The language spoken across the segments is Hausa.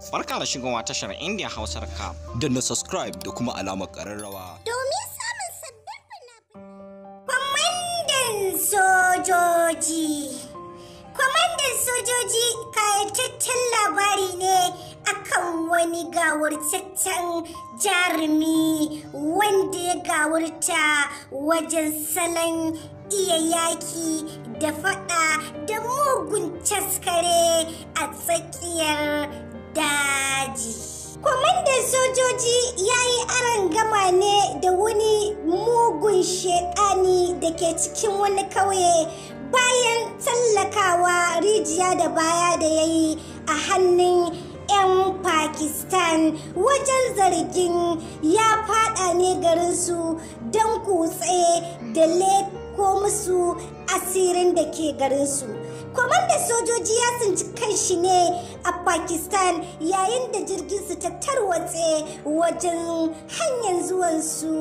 Farka da shigowa tashar Indian Hausar ka. Da na subscribe da kuma alamar ƙararrawa. Domin samun sabbin fina-finai. Kwamandan sojoji. Kwamandan sojoji kayataccen labari ne akan wani gawurtaccen jarumi wanda ya gawurta wajen salon iya yaki da faɗa da mugun taskare a tsakiyar daji kwamandan sojoji ya yi aron gama ne da wani mugun shekani da ke cikin wani kauye bayan tallakawa rijiya da baya da ya yi a hannun 'yan pakistan wajen zargin ya fada ne garinsu don kutse da leko musu asirin da ke garinsu da sojoji ya tsinci kan shi ne a pakistan yayin da su ta tarwatse wajen hanyar zuwansu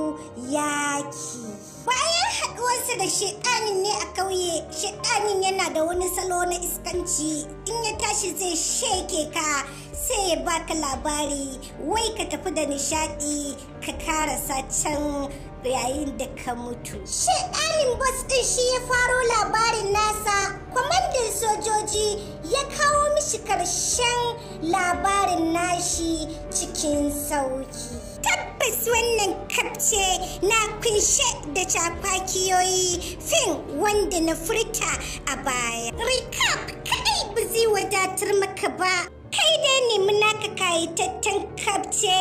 yaki bayan haɗuwarsa da shiɗanin ne a kauye shiɗanin yana da wani salo na iskanci in ya tashi zai sheke ka sai ya baka labari wai ka tafi da nishaɗi ka karasa can yayin da ka mutu shiɗanin bas ɗin shi ya faro labari shi ya kawo mishi karshen labarin nashi cikin sauki. Tabbas wannan kafce na kunshe da cakwakiyoyi fin wanda na furta a baya. Recap kaɗai ba zai wadatar maka ba. Kai dai nemi naka kayataccen kafce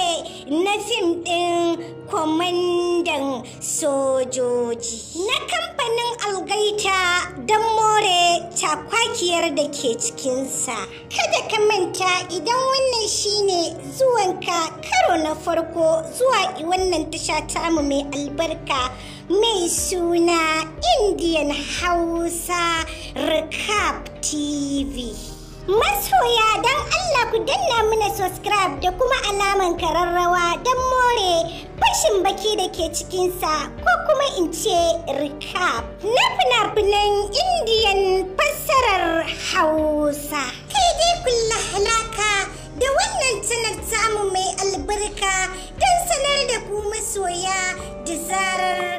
na fim ɗin kwamandan sojoji. Na kamfanin algaita don kwakiyar da ke cikinsa. Kada ka manta idan wannan shine zuwanka karo na farko zuwa wannan tasha tamu mai albarka mai suna Indian Hausa Recap TV. Masoya don Allah ku danna mana subscribe da kuma alaman kararrawa don more fashin baki da ke cikinsa ko kuma in ce recap na fina-finan indiya Amurka don sanar da ku masoya da zarar